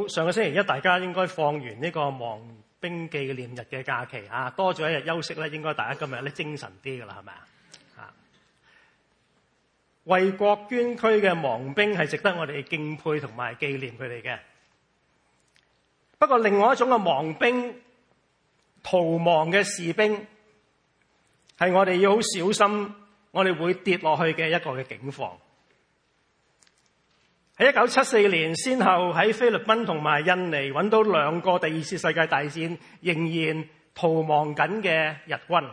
好上個星期一，大家應該放完呢個亡兵紀念日嘅假期啊，多咗一日休息咧，應該大家今日咧精神啲噶啦，係咪啊？為國捐軀嘅亡兵係值得我哋敬佩同埋紀念佢哋嘅。不過另外一種嘅亡兵，逃亡嘅士兵，係我哋要好小心，我哋會跌落去嘅一個嘅警防。喺一九七四年，先後喺菲律賓同埋印尼揾到兩個第二次世界大戰仍然逃亡緊嘅日軍。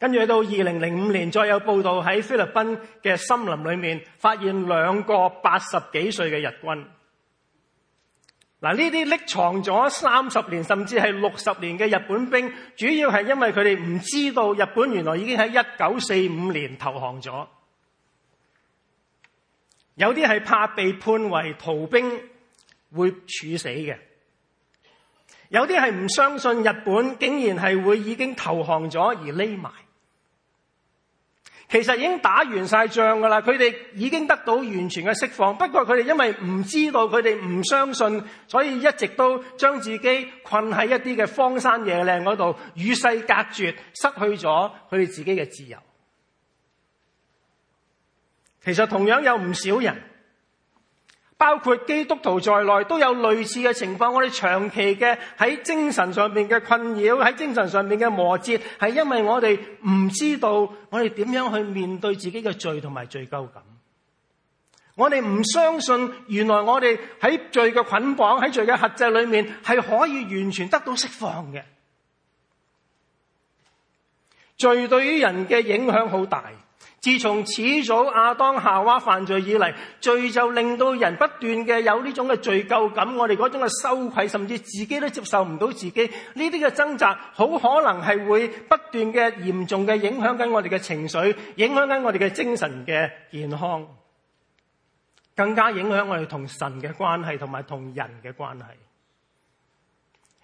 跟住到二零零五年，再有報道喺菲律賓嘅森林裏面發現兩個八十幾歲嘅日軍。嗱，呢啲匿藏咗三十年甚至係六十年嘅日本兵，主要係因為佢哋唔知道日本原來已經喺一九四五年投降咗。有啲係怕被判為逃兵會處死嘅，有啲係唔相信日本竟然係會已經投降咗而匿埋。其實已經打完晒仗㗎喇，佢哋已經得到完全嘅釋放。不過佢哋因為唔知道，佢哋唔相信，所以一直都將自己困喺一啲嘅荒山野嶺嗰度，與世隔絕，失去咗佢哋自己嘅自由。其實同樣有唔少人，包括基督徒在內，都有類似嘅情況。我哋長期嘅喺精神上面嘅困擾，喺精神上面嘅磨折，係因為我哋唔知道我哋點樣去面對自己嘅罪同埋罪疚感。我哋唔相信，原來我哋喺罪嘅捆綁、喺罪嘅轄制裏面，係可以完全得到釋放嘅。罪對於人嘅影響好大。自從始祖亞當夏娃犯罪以嚟，罪就令到人不斷嘅有呢種嘅罪疚感，我哋嗰種嘅羞愧，甚至自己都接受唔到自己。呢啲嘅掙扎，好可能係會不斷嘅嚴重嘅影響緊我哋嘅情緒，影響緊我哋嘅精神嘅健康，更加影響我哋同神嘅關係，同埋同人嘅關係，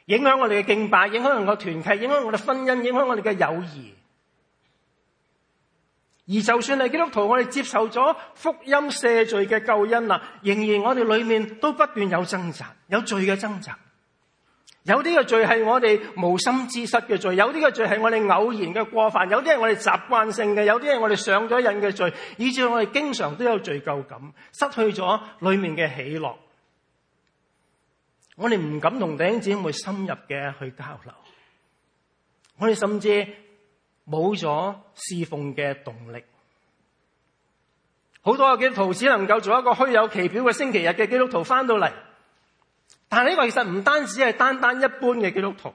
影響我哋嘅敬拜，影響我哋嘅團契，影響我哋婚姻，影響我哋嘅友誼。而就算係基督徒，我哋接受咗福音赦罪嘅救恩啦，仍然我哋裏面都不斷有掙扎，有罪嘅掙扎。有啲嘅罪係我哋無心之失嘅罪，有啲嘅罪係我哋偶然嘅過犯，有啲係我哋習慣性嘅，有啲係我哋上咗癮嘅罪，以至我哋經常都有罪疚感，失去咗裏面嘅喜樂。我哋唔敢同弟兄姊妹深入嘅去交流，我哋甚至。冇咗侍奉嘅動力，好多嘅基督徒只能夠做一個虛有其表嘅星期日嘅基督徒翻到嚟。但係呢個其實唔單止係單單一般嘅基督徒，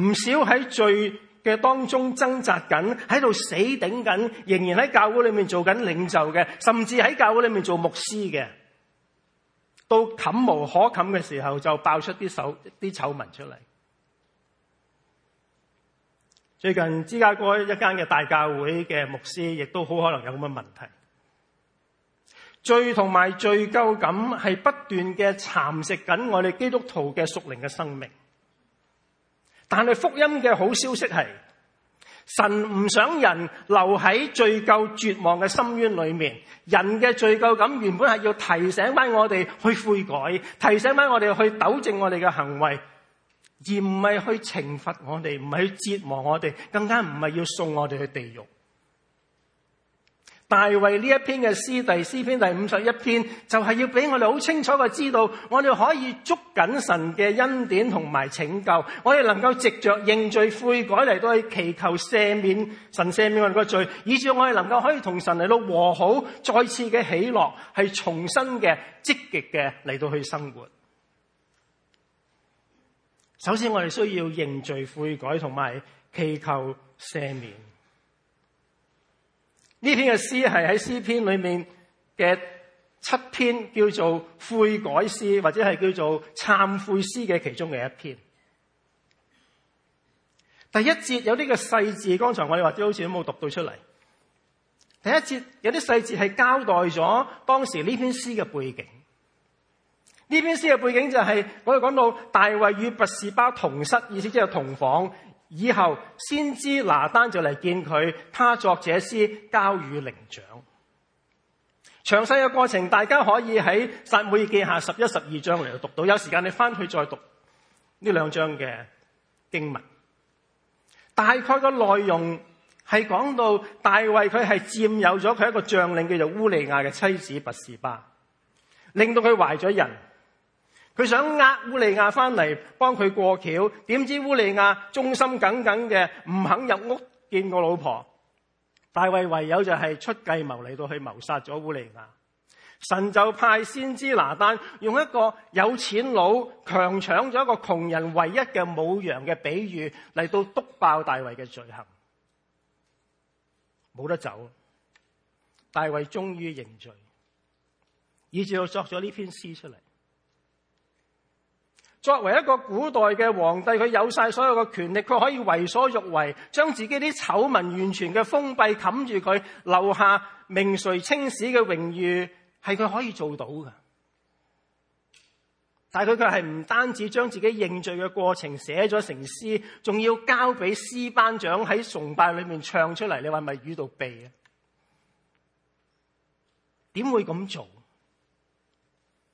唔少喺罪嘅當中掙扎緊，喺度死頂緊，仍然喺教會裏面做緊領袖嘅，甚至喺教會裏面做牧師嘅，到冚無可冚嘅時候，就爆出啲手啲醜聞出嚟。最近芝加哥一間嘅大教會嘅牧師，亦都好可能有咁嘅問題。罪同埋罪疚感係不斷嘅蠶食緊我哋基督徒嘅屬靈嘅生命。但係福音嘅好消息係，神唔想人留喺罪疚絕望嘅深淵裏面。人嘅罪疚感原本係要提醒返我哋去悔改，提醒返我哋去糾正我哋嘅行為。而唔係去懲罰我哋，唔係去折磨我哋，更加唔係要送我哋去地獄。大衛呢一篇嘅詩，第詩篇第五十一篇，就係要俾我哋好清楚嘅知道，我哋可以捉緊神嘅恩典同埋拯救，我哋能夠藉着認罪悔改嚟到去祈求赦免神赦免我哋個罪，以至我哋能夠可以同神嚟到和好，再次嘅喜樂，係重新嘅積極嘅嚟到去生活。首先，我哋需要認罪悔改，同埋祈求赦免。呢篇嘅詩係喺詩篇裏面嘅七篇，叫做悔改詩，或者係叫做懺悔詩嘅其中嘅一篇。第一節有啲嘅細節，剛才我哋或者好似都冇讀到出嚟。第一節有啲細節係交代咗當時呢篇詩嘅背景。呢篇詩嘅背景就係、是、我哋講到大衛與拔示巴同室，意思即係同房以後，先知拿單就嚟見佢。他作這詩交與伶長。詳細嘅過程大家可以喺撒母耳記下十一、十二章嚟到讀到，有時間你返去再讀呢兩章嘅經文。大概個內容係講到大衛佢係佔有咗佢一個將領叫做烏利亞嘅妻子拔示巴，令到佢懷咗人。佢想呃烏利亞翻嚟幫佢過橋，點知烏利亞忠心耿耿嘅唔肯入屋見個老婆。大衛唯有就係出計謀嚟到去謀殺咗烏利亞。神就派先知拿單用一個有錢佬強搶咗一個窮人唯一嘅母羊嘅比喻嚟到篤爆大衛嘅罪行，冇得走。大衛終於認罪，以至到作咗呢篇詩出嚟。作為一個古代嘅皇帝，佢有晒所有嘅權力，佢可以為所欲為，將自己啲醜聞完全嘅封閉冚住佢，留下名垂青史嘅榮譽，係佢可以做到嘅。但係佢佢係唔單止將自己認罪嘅過程寫咗成詩，仲要交俾詩班長喺崇拜裏面唱出嚟，你話係咪瘀到痹啊？點會咁做？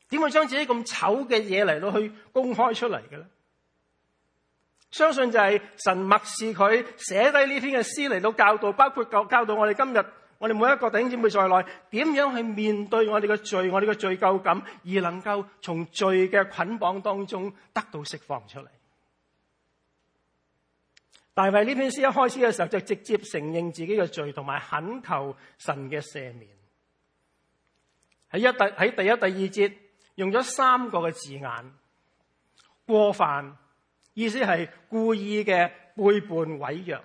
點會將自己咁醜嘅嘢嚟到去公開出嚟嘅咧？相信就係神默示佢寫低呢篇嘅詩嚟到教導，包括教教導我哋今日，我哋每一個弟兄姊妹在內，點樣去面對我哋嘅罪，我哋嘅罪疚感，而能夠從罪嘅捆綁當中得到釋放出嚟。大衛呢篇詩一開始嘅時候就直接承認自己嘅罪，同埋懇求神嘅赦免。喺一第喺第一第二節。用咗三個嘅字眼，過犯，意思係故意嘅背叛毀約，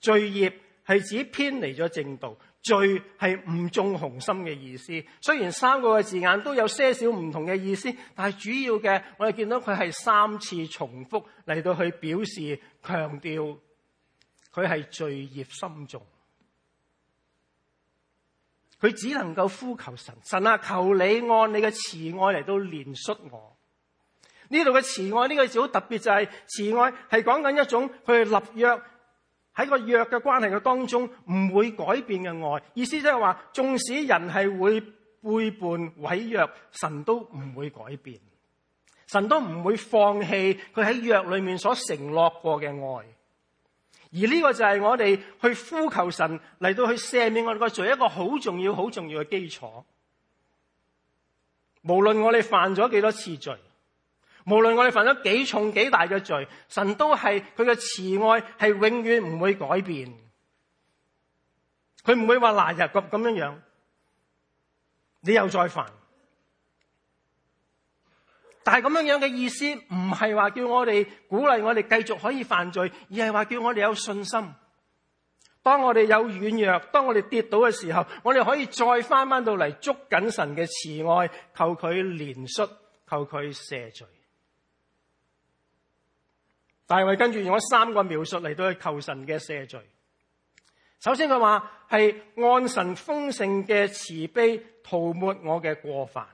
罪孽係指偏離咗正道，罪係唔中紅心嘅意思。雖然三個嘅字眼都有些少唔同嘅意思，但係主要嘅我哋見到佢係三次重複嚟到去表示強調佢係罪孽深重。佢只能夠呼求神，神啊，求你按你嘅慈愛嚟到憐恤我。呢度嘅慈愛呢、呢個字好特別、就係，就係慈愛係講緊一種佢立約喺個約嘅關係嘅當中唔會改變嘅愛。意思即係話，縱使人係會背叛毀約，神都唔會改變，神都唔會放棄佢喺約裏面所承諾過嘅愛。而呢個就係我哋去呼求神嚟到去赦免我哋個罪，一個好重要、好重要嘅基礎。無論我哋犯咗幾多次罪，無論我哋犯咗幾重、幾大嘅罪，神都係佢嘅慈愛係永遠唔會改變。佢唔會話嗱，日咁咁樣樣，你又再犯。但係咁樣樣嘅意思，唔係話叫我哋鼓勵我哋繼續可以犯罪，而係話叫我哋有信心。當我哋有軟弱，當我哋跌倒嘅時候，我哋可以再翻翻到嚟捉緊神嘅慈愛，求佢憐恤，求佢赦罪。大衛跟住用咗三個描述嚟到去求神嘅赦罪。首先佢話係按神豐盛嘅慈悲塗抹我嘅過犯。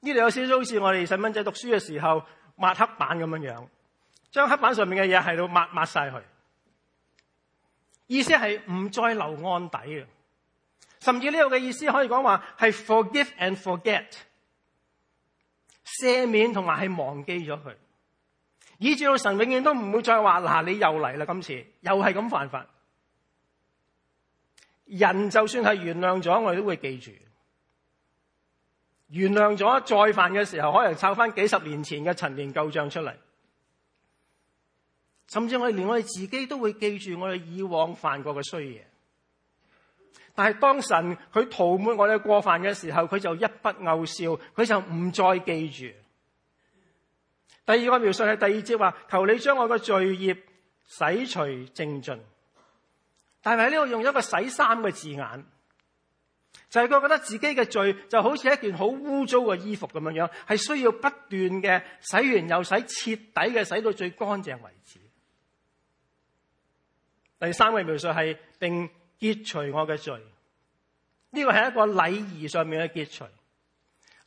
呢度有少少好似我哋細蚊仔讀書嘅時候抹黑板咁樣樣，將黑板上面嘅嘢係到抹抹晒佢，意思係唔再留案底嘅，甚至呢度嘅意思可以講話係 forgive and forget，赦免同埋係忘記咗佢，以至到神永遠都唔會再話嗱、啊、你又嚟啦，今次又係咁犯法。人就算係原諒咗，我哋都會記住。原諒咗再犯嘅時候，可能抄翻幾十年前嘅陳年舊賬出嚟，甚至我哋連我哋自己都會記住我哋以往犯過嘅衰嘢。但係當神佢塗抹我哋過犯嘅時候，佢就一筆勾銷，佢就唔再記住。第二個描述係第二節話：求你將我嘅罪孽洗除淨盡。但係喺呢度用一個洗衫嘅字眼。就係、是、佢覺得自己嘅罪就好似一件好污糟嘅衣服咁樣樣，係需要不斷嘅洗完又洗，徹底嘅洗到最乾淨為止。第三個描述係並潔除我嘅罪，呢個係一個禮儀上面嘅潔除。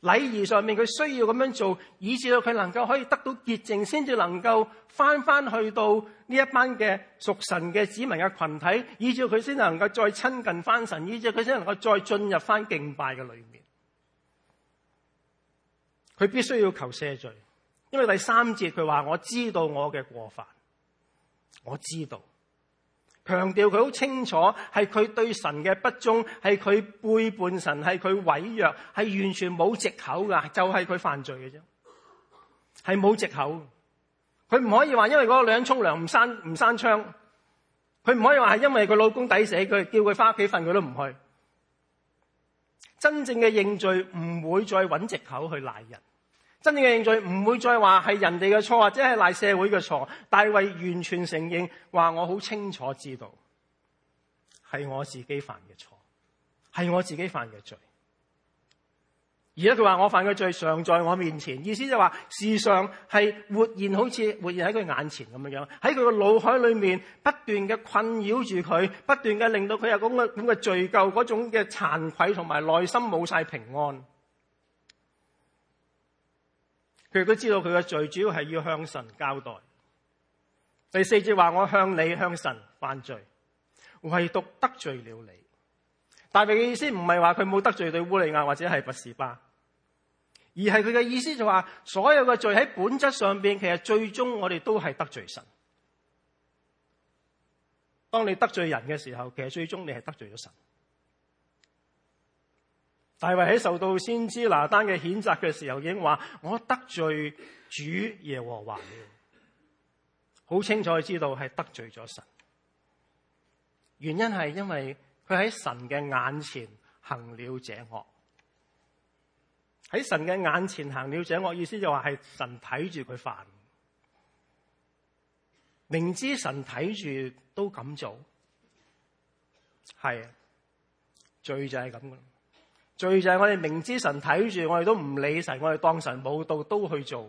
禮儀上面佢需要咁樣做，以至到佢能夠可以得到潔淨，先至能夠翻翻去到呢一班嘅屬神嘅子民嘅群體，以至佢先能夠再親近翻神，以至佢先能夠再進入翻敬拜嘅裏面。佢必須要求赦罪，因為第三節佢話：我知道我嘅過犯，我知道。強調佢好清楚，係佢對神嘅不忠，係佢背叛神，係佢違約，係完全冇借口噶，就係、是、佢犯罪嘅啫，係冇借口的。佢唔可以話因為嗰個女人沖涼唔閂唔閂窗，佢唔可以話係因為佢老公抵死佢，叫佢返屋企瞓佢都唔去。真正嘅認罪唔會再搵借口去賴人。真正嘅認罪唔會再話係人哋嘅錯，或者係賴社會嘅錯。大衛完全承認，話我好清楚知道係我自己犯嘅錯，係我自己犯嘅罪。而家佢話我犯嘅罪常在我面前，意思就話事實上係活現，好似活現喺佢眼前咁嘅樣，喺佢嘅腦海裏面不斷嘅困擾住佢，不斷嘅令到佢有嗰個咁嘅罪疚，嗰種嘅慚愧同埋內心冇晒平安。佢亦都知道佢嘅罪主要係要向神交代。第四節話，我向你向神犯罪，唯獨得罪了你。大衛嘅意思唔係話，佢冇得罪對烏利亞或者係拔示巴，而係佢嘅意思就話，所有嘅罪喺本質上邊，其實最終我哋都係得罪神。當你得罪人嘅時候，其實最終你係得罪咗神。大衛喺受到先知拿單嘅譴責嘅時候已經話：我得罪主耶和華了，好清楚知道係得罪咗神。原因係因為佢喺神嘅眼前行了這惡，喺神嘅眼前行了這惡，意思就話係神睇住佢犯，明知神睇住都咁做，係啊，罪就係咁噶。罪就係我哋明知神睇住，我哋都唔理神，我哋當神冇到都去做。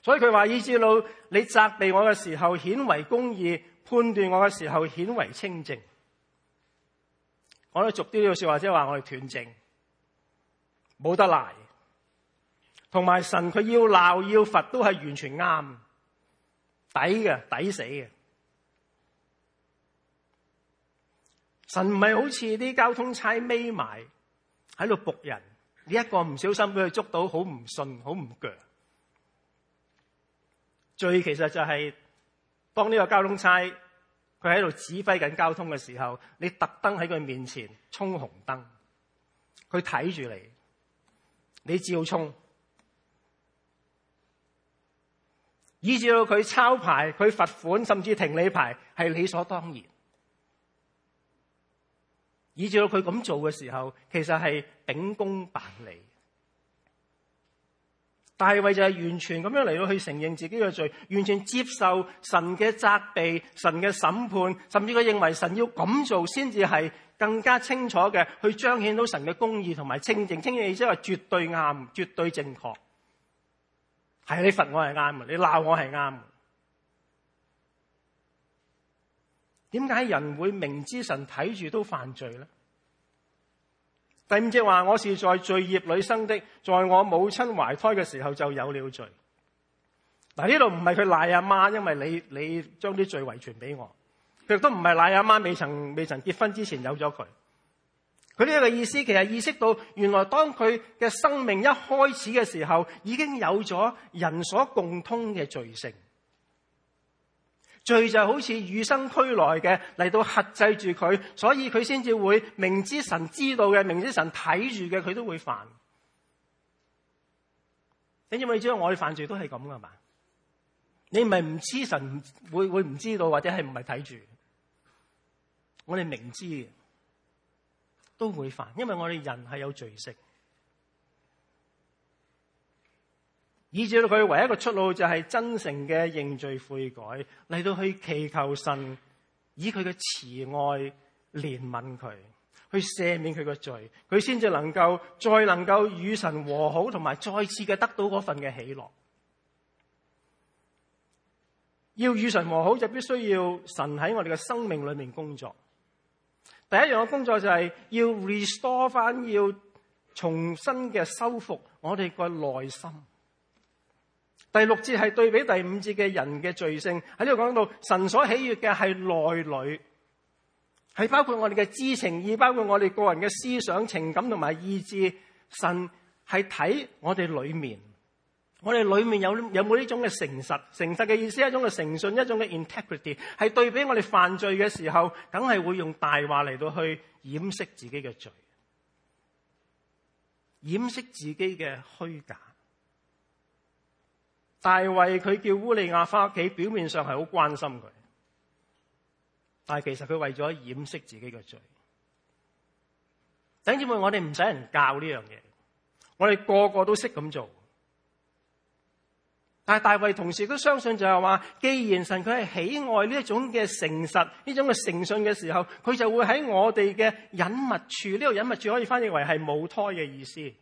所以佢話，以致到你責備我嘅時候顯為公義，判斷我嘅時候顯為清正。我哋俗啲啲說話，即係話我哋斷正，冇得賴。同埋神佢要鬧要罰都係完全啱，抵嘅，抵死嘅。神唔係好似啲交通差，眯埋喺度仆人，你一個唔小心俾佢捉到，好唔順，好唔腳。最其實就係、是、當呢個交通差，佢喺度指揮緊交通嘅時候，你特登喺佢面前衝紅燈，佢睇住你，你照衝，以至到佢抄牌、佢罰款，甚至停你牌，係理所當然。以至到佢咁做嘅時候，其實係秉公辦理。大衛就係完全咁樣嚟到去承認自己嘅罪，完全接受神嘅責備、神嘅審判，甚至佢認為神要咁做先至係更加清楚嘅，去彰顯到神嘅公義同埋清正。清正意思係絕對啱、絕對正確。係你罰我係啱嘅，你鬧我係啱嘅。點解人會明知神睇住都犯罪呢？第五只話，我是在罪孽裏生的，在我母親懷胎嘅時候就有了罪。嗱，呢度唔係佢賴阿媽，媽，因為你你將啲罪遺傳俾我，亦都唔係賴阿媽未曾未曾結婚之前有咗佢。佢呢個個意思，其實意識到原來當佢嘅生命一開始嘅時候，已經有咗人所共通嘅罪性。罪就好似與生俱來嘅，嚟到克制住佢，所以佢先至會明知神知道嘅，明知神睇住嘅，佢都會犯。你知唔知我哋犯罪都係咁噶嘛？你唔係唔知神會會唔知道，或者係唔係睇住？我哋明知嘅都會犯，因為我哋人係有罪性。以至到佢唯一嘅出路就係真誠嘅認罪悔改，嚟到去祈求神以佢嘅慈愛憐憫佢，去赦免佢嘅罪，佢先至能夠再能夠與神和好，同埋再次嘅得到嗰份嘅喜樂。要與神和好，就必須要神喺我哋嘅生命裏面工作。第一樣嘅工作就係要 restore 翻，要重新嘅修復我哋個內心。第六節係對比第五節嘅人嘅罪性，喺呢度講到神所喜悅嘅係內裏，係包括我哋嘅知情意，包括我哋個人嘅思想、情感同埋意志。神係睇我哋裏面，我哋裏面有有冇呢種嘅誠實？誠實嘅意思係一種嘅誠信，一種嘅 integrity，係對比我哋犯罪嘅時候，梗係會用大話嚟到去掩飾自己嘅罪，掩飾自己嘅虛假。大衛佢叫烏利亞返屋企，表面上係好關心佢，但係其實佢為咗掩飾自己嘅罪。等於我哋唔使人教呢樣嘢，我哋個個都識咁做。但係大衛同時都相信就係話，既然神佢係喜愛呢一種嘅誠實，呢種嘅誠信嘅時候，佢就會喺我哋嘅隱密處，呢、呢個隱密處可以翻譯為係母胎嘅意思。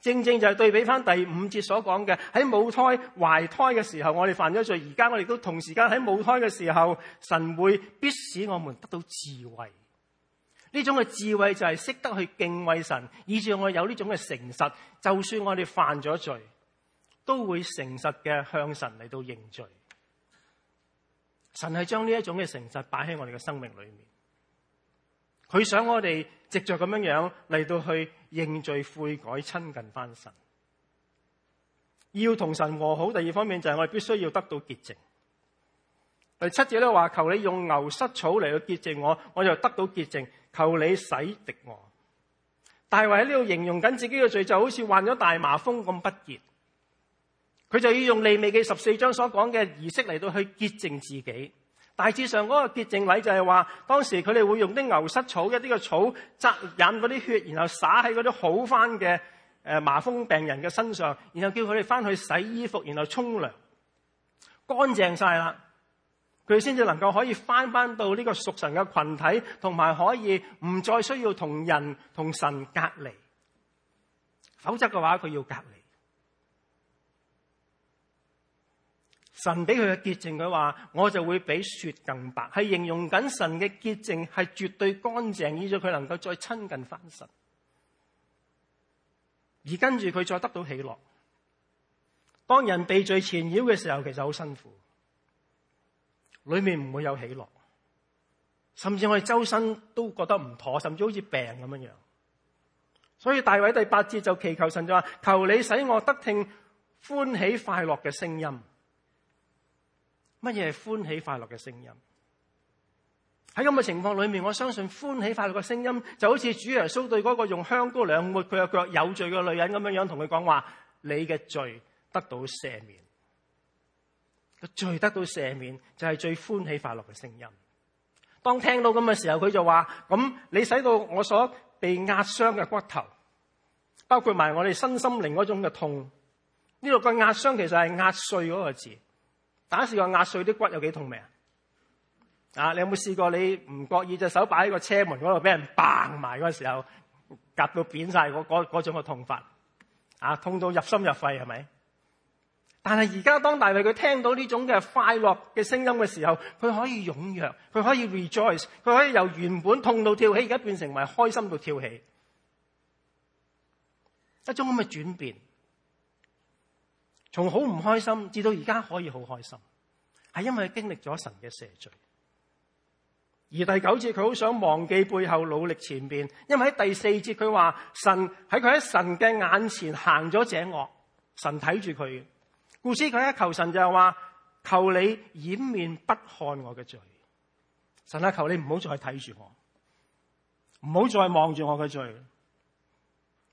正正就係對比翻第五節所講嘅，喺母胎懷胎嘅時候，我哋犯咗罪，而家我哋都同時間喺母胎嘅時候，神會必使我們得到智慧。呢種嘅智慧就係識得去敬畏神，以至我有呢種嘅誠實。就算我哋犯咗罪，都會誠實嘅向神嚟到認罪。神係將呢一種嘅誠實擺喺我哋嘅生命裏面。佢想我哋直着咁樣樣嚟到去。認罪悔改親近翻神，要同神和好。第二方面就係我哋必須要得到潔淨。第七節都話：求你用牛膝草嚟到潔淨我，我就得到潔淨。求你洗滌我。大衛喺呢度形容緊自己嘅罪，就好似患咗大麻風咁不潔。佢就要用利未記十四章所講嘅儀式嚟到去潔淨自己。大致上嗰個潔淨禮就係話當時佢哋會用啲牛膝草一啲嘅草，擠引啲血，然後灑喺啲好翻嘅誒麻風病人嘅身上，然後叫佢哋翻去洗衣服，然後沖涼乾淨晒啦，佢先至能夠可以翻翻到呢個屬神嘅群體，同埋可以唔再需要同人同神隔離，否則嘅話佢要隔離。神俾佢嘅潔淨，佢話我就會比雪更白，係形容緊神嘅潔淨，係絕對乾淨，以咗佢能夠再親近翻神，而跟住佢再得到喜樂。當人被罪纏繞嘅時候，其實好辛苦，裏面唔會有喜樂，甚至我哋周身都覺得唔妥，甚至好似病咁樣樣。所以大衛第八節就祈求神就話：求你使我得聽歡喜快樂嘅聲音。乜嘢係歡喜快樂嘅聲音？喺咁嘅情況裏面，我相信歡喜快樂嘅聲音就好似主耶穌對嗰個用香膏兩抹佢嘅腳有罪嘅女人咁樣樣同佢講話：你嘅罪得到赦免，個罪得到赦免就係最歡喜快樂嘅聲音。當聽到咁嘅時候，佢就話：咁你使到我所被壓傷嘅骨頭，包括埋我哋身心靈嗰種嘅痛，呢度個壓傷其實係壓碎嗰個字。打試過壓碎啲骨有幾痛未啊？啊！你有冇試過你唔覺意隻手擺喺個車門嗰度俾人掟埋嗰時候，夾到扁曬嗰種嘅痛法啊！痛到入心入肺係咪？但係而家當大衛佢聽到呢種嘅快樂嘅聲音嘅時候，佢可以踴躍，佢可以 rejoice，佢可以由原本痛到跳起，而家變成為開心到跳起，一種咁嘅轉變。從好唔開心至到而家可以好開心，係因為經歷咗神嘅赦罪。而第九節佢好想忘記背後努力前面，因為喺第四節佢話神喺佢喺神嘅眼前行咗這惡，神睇住佢。故此佢一求神就係話：求你掩面不看我嘅罪。神啊，求你唔好再睇住我，唔好再望住我嘅罪，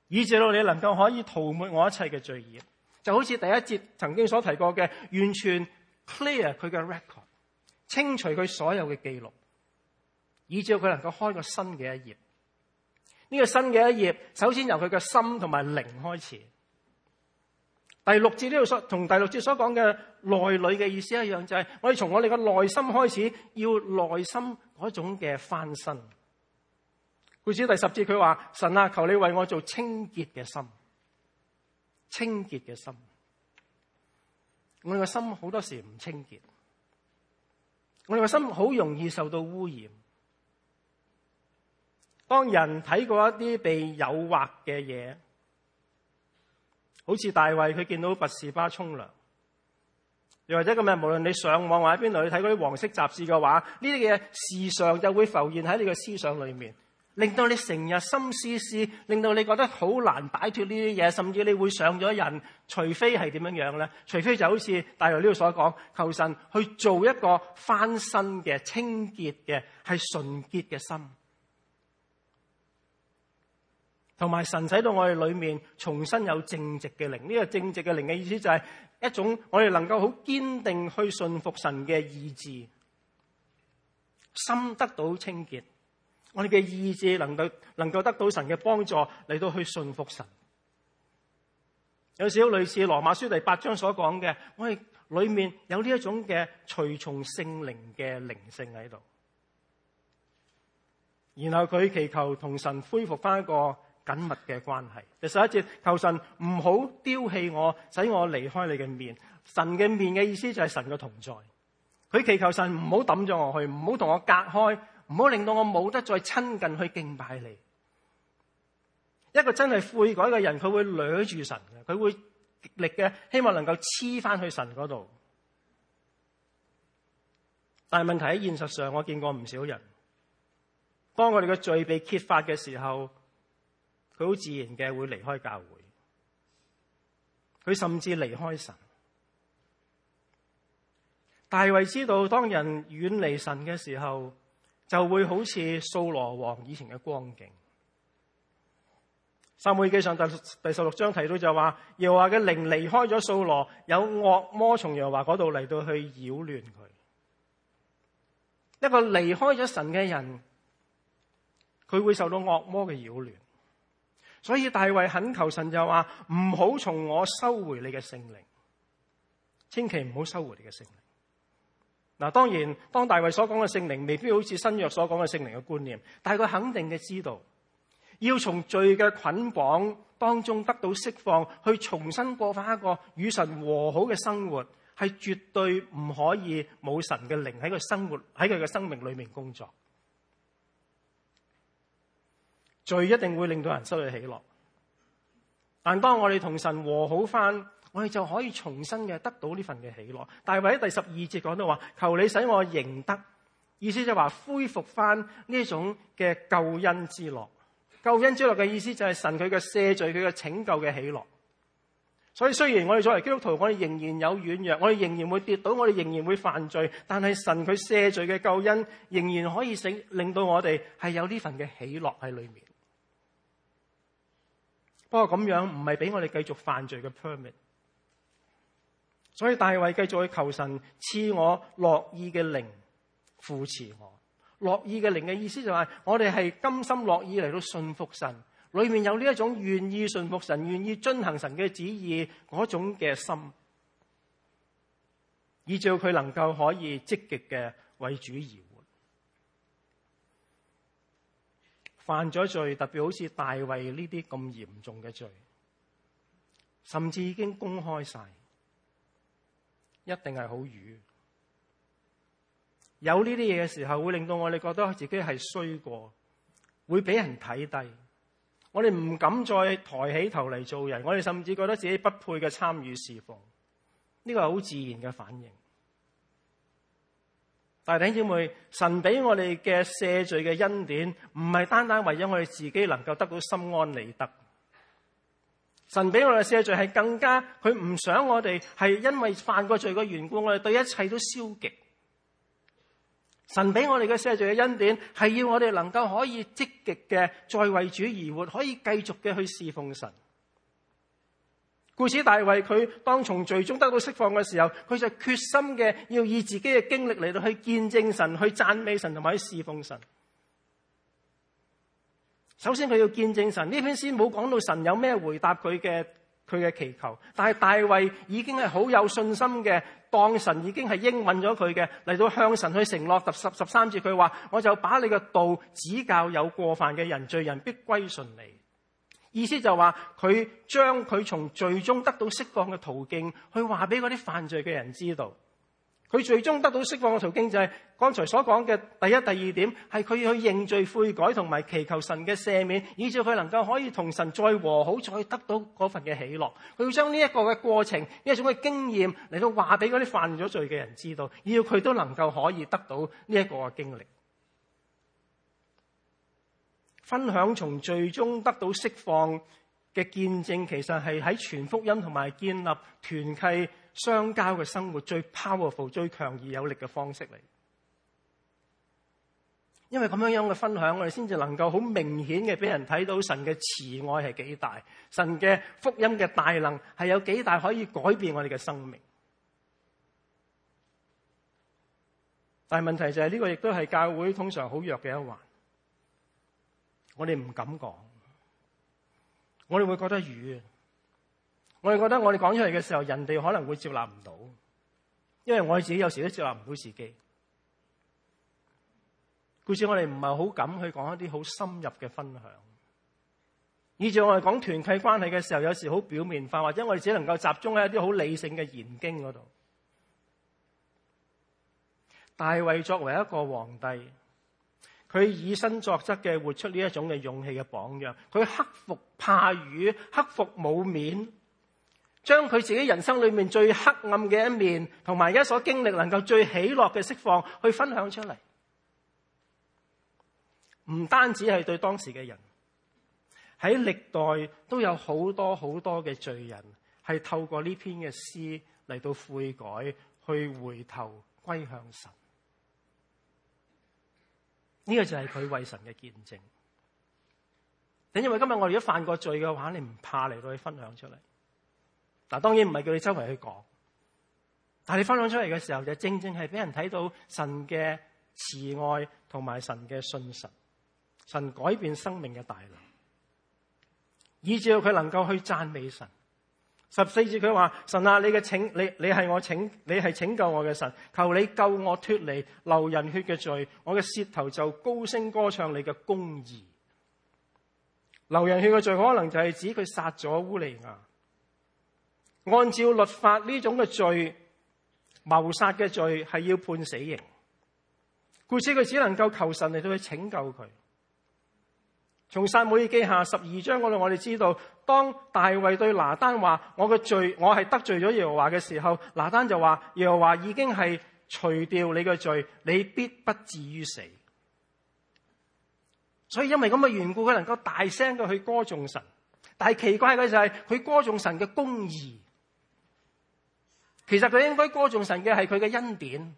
以至到你能夠可以塗抹我一切嘅罪孽。就好似第一節曾經所提過嘅，完全 clear 佢嘅 record，清除佢所有嘅記錄，以至佢能夠開個新嘅一頁。呢、這個新嘅一頁，首先由佢嘅心同埋靈開始。第六節呢度所同第六節所講嘅內裏嘅意思一樣，就係、是、我哋從我哋嘅內心開始，要內心嗰種嘅翻身。故此第十節，佢話：神啊，求你為我做清潔嘅心。清潔嘅心，我哋個心好多時唔清潔，我哋個心好容易受到污染。當人睇過一啲被誘惑嘅嘢，好似大衛佢見到拔士巴沖涼，又或者噉樣，無論你上網或者邊度去睇嗰啲黃色雜誌嘅話，呢啲嘢時常就會浮現喺你嘅思想裏面。令到你成日心思思，令到你覺得好難擺脫呢啲嘢，甚至你會上咗癮。除非係點樣樣咧？除非就好似大劉呢度所講，求神去做一個翻身嘅、清潔嘅、係純潔嘅心，同埋神使到我哋裏面重新有正直嘅靈。呢個正直嘅靈嘅意思就係一種我哋能夠好堅定去信服神嘅意志，心得到清潔。我哋嘅意志能夠能夠得到神嘅幫助嚟到去信服神，有少類似羅馬書第八章所講嘅，我哋裏面有呢一種嘅隨從聖靈嘅靈性喺度。然後佢祈求同神恢復翻一個緊密嘅關係。第十一節，求神唔好丟棄我，使我離開你嘅面。神嘅面嘅意思就係神嘅同在。佢祈求神唔好抌咗我去，唔好同我隔開。唔好令到我冇得再親近去敬拜你。一個真係悔改嘅人，佢會掠住神嘅，佢會極力嘅希望能夠黐翻去神嗰度。但係問題喺現實上，我見過唔少人，當我哋嘅罪被揭發嘅時候，佢好自然嘅會離開教會，佢甚至離開神。大衛知道，當人遠離神嘅時候。就會好似掃羅王以前嘅光景，《撒母耳記上第第十六章》提到就話，耶和華嘅靈離開咗掃羅，有惡魔從耶和華嗰度嚟到去擾亂佢。一個離開咗神嘅人，佢會受到惡魔嘅擾亂。所以大衛懇求神就話：唔好從我收迴你嘅聖靈，千祈唔好收回你嘅聖靈。嗱，當然，當大衛所講嘅聖靈，未必好似新約所講嘅聖靈嘅觀念，但是佢肯定嘅知道，要從罪嘅捆綁當中得到釋放，去重新過翻一個與神和好嘅生活，係絕對唔可以冇神嘅靈喺佢生活喺佢嘅生命裏面工作。罪一定會令到人失去喜樂，但當我哋同神和好翻。我哋就可以重新嘅得到呢份嘅喜樂。但係喺第十二節講到話，求你使我仍得，意思就話恢復翻呢一種嘅救恩之樂。救恩之樂嘅意思就係神佢嘅赦罪、佢嘅拯救嘅喜樂。所以雖然我哋作為基督徒，我哋仍然有軟弱，我哋仍然會跌倒，我哋仍然會犯罪，但係神佢赦罪嘅救恩仍然可以使令到我哋係有呢份嘅喜樂喺裏面。不過咁樣唔係俾我哋繼續犯罪嘅 permit。所以大衛繼續去求神賜我樂意嘅靈，扶持我樂意嘅靈嘅意思就係、是、我哋係甘心樂意嚟到信服神，裏面有呢一種願意信服神，願意遵行神嘅旨意嗰種嘅心，以照佢能夠可以積極嘅為主而活。犯咗罪，特別好似大衛呢啲咁嚴重嘅罪，甚至已經公開晒。一定係好瘀，有呢啲嘢嘅時候，會令到我哋覺得自己係衰過，會俾人睇低，我哋唔敢再抬起頭嚟做人，我哋甚至覺得自己不配嘅參與侍奉，呢、呢個係好自然嘅反應。弟兄姊妹，神俾我哋嘅赦罪嘅恩典，唔係單單為咗我哋自己能夠得到心安理得。神俾我哋赦罪係更加，佢唔想我哋係因為犯過罪嘅緣故，我哋對一切都消極。神俾我哋嘅赦罪嘅恩典，係要我哋能夠可以積極嘅再為主而活，可以繼續嘅去侍奉神。故此，大衛佢當從罪中得到釋放嘅時候，佢就決心嘅要以自己嘅經歷嚟到去見證神、去讚美神同埋去侍奉神。首先佢要見證神，呢篇詩冇講到神有咩回答佢嘅祈求，但是大衛已經係好有信心嘅，當神已經係應允咗佢嘅，嚟到向神去承諾十十三節，佢話，我就把你的道指教有過犯嘅人，罪人必歸順你。意思就話佢他將佢從罪中得到釋放嘅途徑，去話俾嗰啲犯罪嘅人知道。佢最終得到釋放嘅途徑就係剛才所講嘅第一、第二點，係佢要去認罪悔改同埋祈求神嘅赦免，以致佢能夠可以同神再和好，再得到嗰份嘅喜樂。佢要將呢一個嘅過程、一種嘅經驗嚟到話俾嗰啲犯咗罪嘅人知道，要佢都能夠可以得到呢一個嘅經歷。分享從最終得到釋放嘅見證，其實係喺傳福音同埋建立團契相交嘅生活最 powerful、最強而有力嘅方式嚟，因為咁樣樣嘅分享，我哋先至能夠好明顯嘅俾人睇到神嘅慈愛係幾大，神嘅福音嘅大能係有幾大可以改變我哋嘅生命。但係問題就係呢個亦都係教會通常好弱嘅一環，我哋唔敢講，我哋會覺得語。我哋覺得我哋講出嚟嘅時候，人哋可能會接納唔到，因為我哋自己有時都接納唔到自己。故此，我哋唔係好敢去講一啲好深入嘅分享。以至我哋講團契關係嘅時候，有時好表面化，或者我哋只能夠集中喺一啲好理性嘅言經研經嗰度。大衛作為一個皇帝，佢以身作則嘅活出呢一種嘅勇氣嘅榜樣，佢克服怕雨，克服冇面。將佢自己人生裏面最黑暗嘅一面，同埋一所經歷能夠最喜樂嘅釋放，去分享出嚟。唔單止係對當時嘅人，喺歷代都有好多好多嘅罪人，係透過呢篇嘅詩嚟到悔改，去回頭歸向神。呢個就係佢為神嘅見證。你認為今日我哋如果犯過罪嘅話，你唔怕嚟到去分享出嚟？嗱，當然唔係叫你周圍去講，但係你分享出嚟嘅時候，就正正係俾人睇到神嘅慈愛同埋神嘅信實，神改變生命嘅大能，以至到佢能夠去讚美神。十四節佢話：神啊，你嘅拯，你你係我拯，你係拯救我嘅神，求你救我脱離流人血嘅罪，我嘅舌頭就高聲歌唱你嘅公義。流人血嘅罪可能就係指佢殺咗烏利亞。按照律法呢種嘅罪，謀殺嘅罪係要判死刑，故此佢只能夠求神嚟到去拯救佢。從撒母耳記下十二章嗰度，我哋知道，當大衛對拿單，話我嘅罪，我係得罪咗耶和華嘅時候，拿單就話耶和華已經係除掉你嘅罪，你必不至於死。所以因為咁嘅緣故，佢能夠大聲到去歌頌神。但係奇怪嘅就係佢歌頌神嘅公義。其實佢應該歌頌神嘅係佢嘅恩典，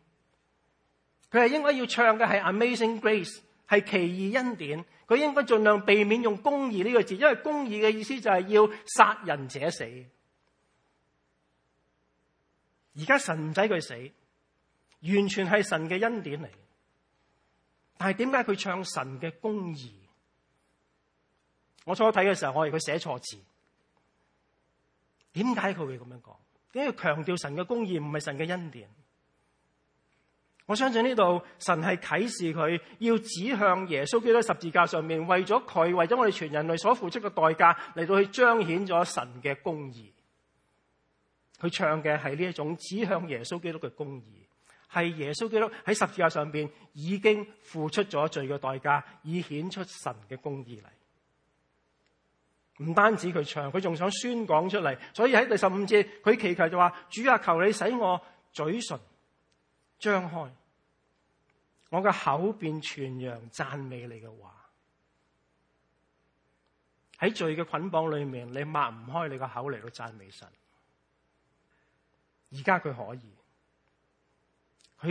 佢係應該要唱嘅係《Amazing Grace》，係奇異恩典。佢應該盡量避免用公義呢個字，因為公義嘅意思就係要殺人者死。而家神唔使佢死，完全係神嘅恩典嚟。但係點解佢唱神嘅公義？我初睇嘅時候，我以為佢寫錯字。點解佢會咁樣講？點解要強調神嘅公義唔係神嘅恩典？我相信呢度神係啟示佢要指向耶穌基督十字架上面，為咗佢，為咗我哋全人類所付出嘅代價嚟，到去彰顯咗神嘅公義。佢唱嘅係呢一種指向耶穌基督嘅公義，係耶穌基督喺十字架上邊已經付出咗罪嘅代價，以顯出神嘅公義嚟。唔單止佢唱，佢仲想宣講出嚟。所以喺第十五節，佢祈求就話：主啊，求你使我嘴唇張開，我嘅口便傳揚讚美你嘅話。喺罪嘅捆綁裏面，你抹唔開你個口嚟到讚美神。而家佢可以，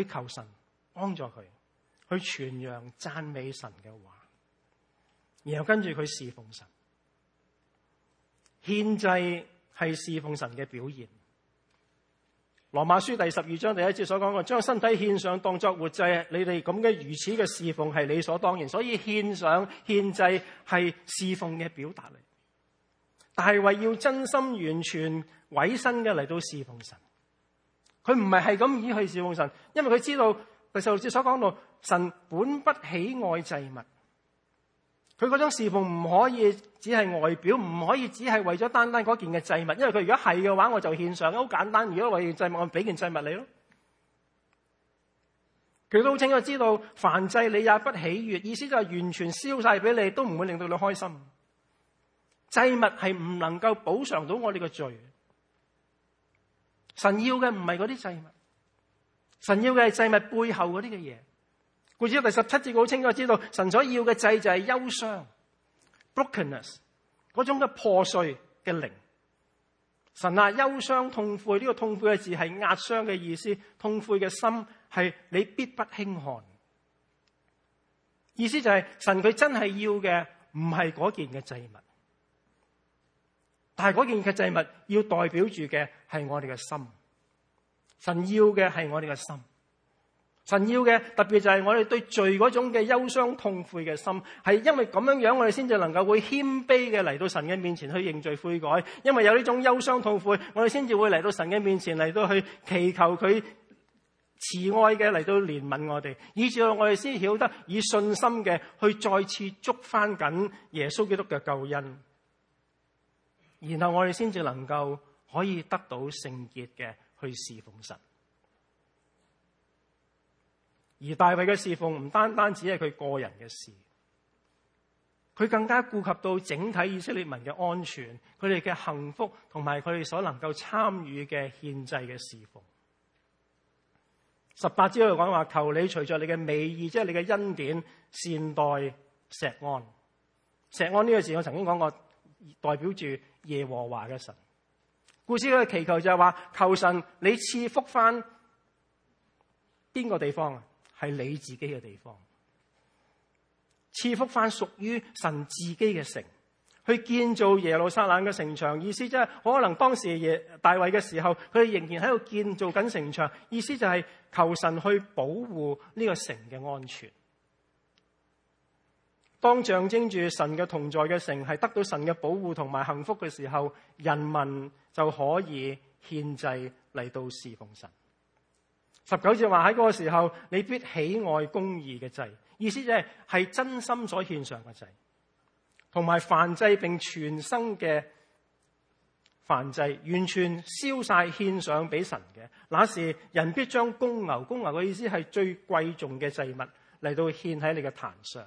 佢求神幫助佢去傳揚讚美神嘅話，然後跟住佢侍奉神。獻祭係侍奉神嘅表現，《羅馬書》第十二章第一節所講嘅，將身體獻上當作活祭，你哋咁嘅如此嘅侍奉係理所當然。所以獻上、獻祭係侍奉嘅表達嚟。大衛要真心完全委身嘅嚟到侍奉神，佢唔係係咁以去侍奉神，因為佢知道第十六節所講到，神本不喜愛祭物。佢嗰種侍奉唔可以只係外表，唔可以只係為咗單單嗰件嘅祭物，因為佢如果係嘅話，我就獻上，好簡單。如果為祭物，我俾件祭物你咯。佢都好清楚知道，凡祭你也不喜悅，意思就係完全燒晒俾你，都唔會令到你開心。祭物係唔能夠補償到我哋嘅罪。神要嘅唔係嗰啲祭物，神要嘅係祭物背後嗰啲嘅嘢。故事第十七節好清楚知道，神所要嘅祭就係憂傷，brokenness，嗰種嘅破碎嘅靈。神啊，憂傷、痛悔，呢、這個痛悔嘅字係壓傷嘅意思，痛悔嘅心係你必不輕看。意思就係神佢真係要嘅唔係嗰件嘅祭物，但係嗰件嘅祭物要代表住嘅係我哋嘅心。神要嘅係我哋嘅心。神要嘅特別就係我哋對罪嗰種嘅憂傷痛悔嘅心，係因為咁樣樣我哋先至能夠會謙卑嘅嚟到神嘅面前去認罪悔改，因為有呢種憂傷痛悔，我哋先至會嚟到神嘅面前嚟到去祈求佢慈愛嘅嚟到憐憫我哋，以致我哋先曉得以信心嘅去再次捉翻緊耶穌基督嘅救恩，然後我哋先至能夠可以得到聖潔嘅去侍奉神。而大衛嘅侍奉唔單單只係佢個人嘅事，佢更加顧及到整體以色列民嘅安全，佢哋嘅幸福同埋佢哋所能夠參與嘅獻祭嘅侍奉。十八節度講話，求你隨着你嘅美意，即係你嘅恩典，善待石安。石安呢個字我曾經講過，代表住耶和華嘅神。故事佢嘅祈求就係話，求神你賜福翻邊個地方啊？係你自己嘅地方，賜福翻屬於神自己嘅城，去建造耶路撒冷嘅城牆。意思就係、是，可能當時耶大衛嘅時候，佢仍然喺度建造緊城牆。意思就係求神去保護呢個城嘅安全。當象徵住神嘅同在嘅城係得到神嘅保護同埋幸福嘅時候，人民就可以獻祭嚟到侍奉神。十九節話，喺嗰個時候，你必喜愛公義嘅祭，意思即係係真心所獻上嘅祭，同埋燔祭並全牲，嘅燔祭，完全燒晒獻上俾神嘅。那時人必將公牛，公牛嘅意思係最貴重嘅祭物嚟到獻喺你嘅壇上。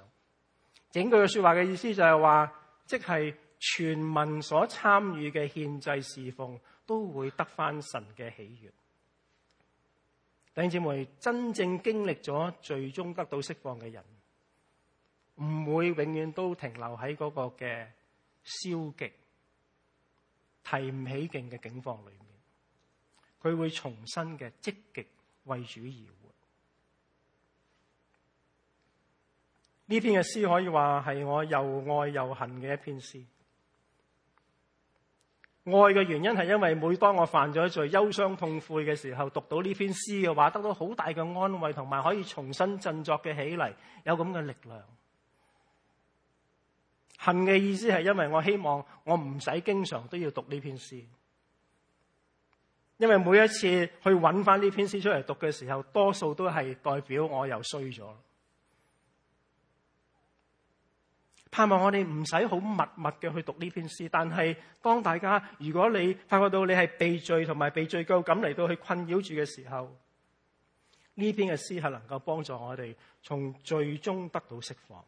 整句嘅說話嘅意思就係話，即係全民所參與嘅獻祭侍奉，都會得翻神嘅喜悅。弟兄姊妹，真正經歷咗最終得到釋放嘅人，唔會永遠都停留喺嗰個嘅消極、提唔起勁嘅境況裏面。佢會重新嘅積極為主而活。呢篇嘅詩可以話係我又愛又恨嘅一篇詩。愛嘅原因係因為每當我犯咗罪，憂傷痛悔嘅時候，讀到呢篇詩嘅話，得到好大嘅安慰，同埋可以重新振作嘅起嚟，有咁嘅力量。恨嘅意思係因為我希望我唔使經常都要讀呢篇詩，因為每一次去揾返呢篇詩出嚟讀嘅時候，多數都係代表我又衰咗。盼望我哋唔使好默默嘅去讀呢篇詩，但係當大家如果你發覺到你係被罪同埋被罪疚感嚟到去困擾住嘅時候，呢篇嘅詩係能夠幫助我哋從罪中得到釋放。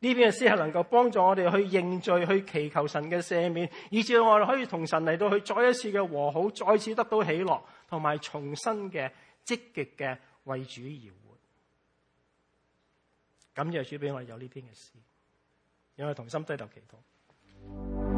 呢篇嘅詩係能夠幫助我哋去認罪、去祈求神嘅赦免，以至我哋可以同神嚟到去再一次嘅和好，再次得到喜樂，同埋重新嘅積極嘅為主而活。感謝主俾我哋有呢篇嘅詩。因為同心低頭祈禱。